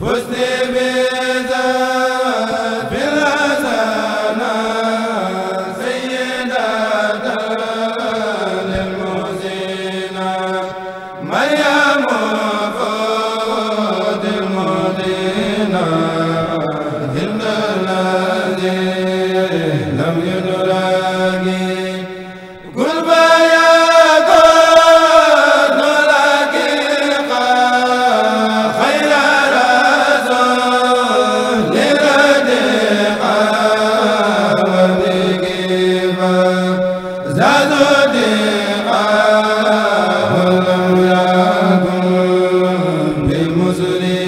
Husni zuri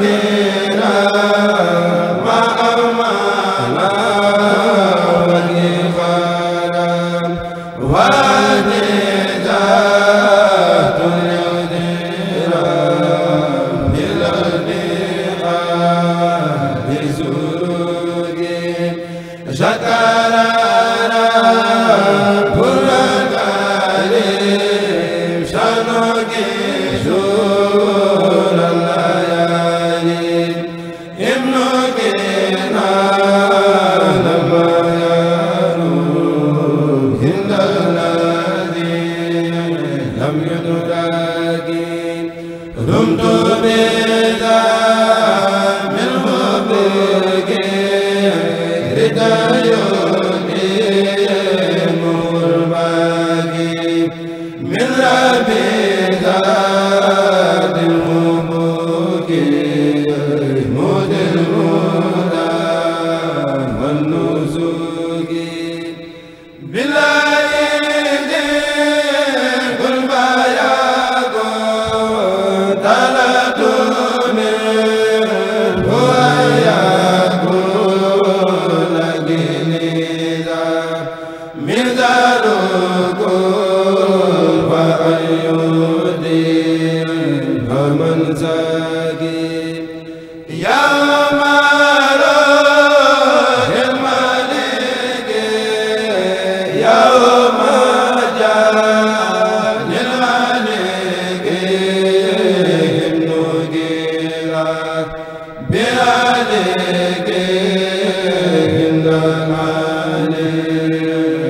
de daa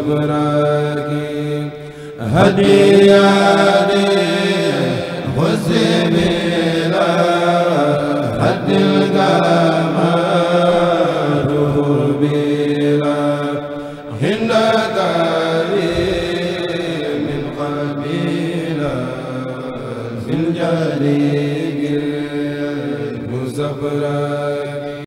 كبرك هدياني خسبي لا هد القمر بلا هند من قلبي لا في الجليل المزفرات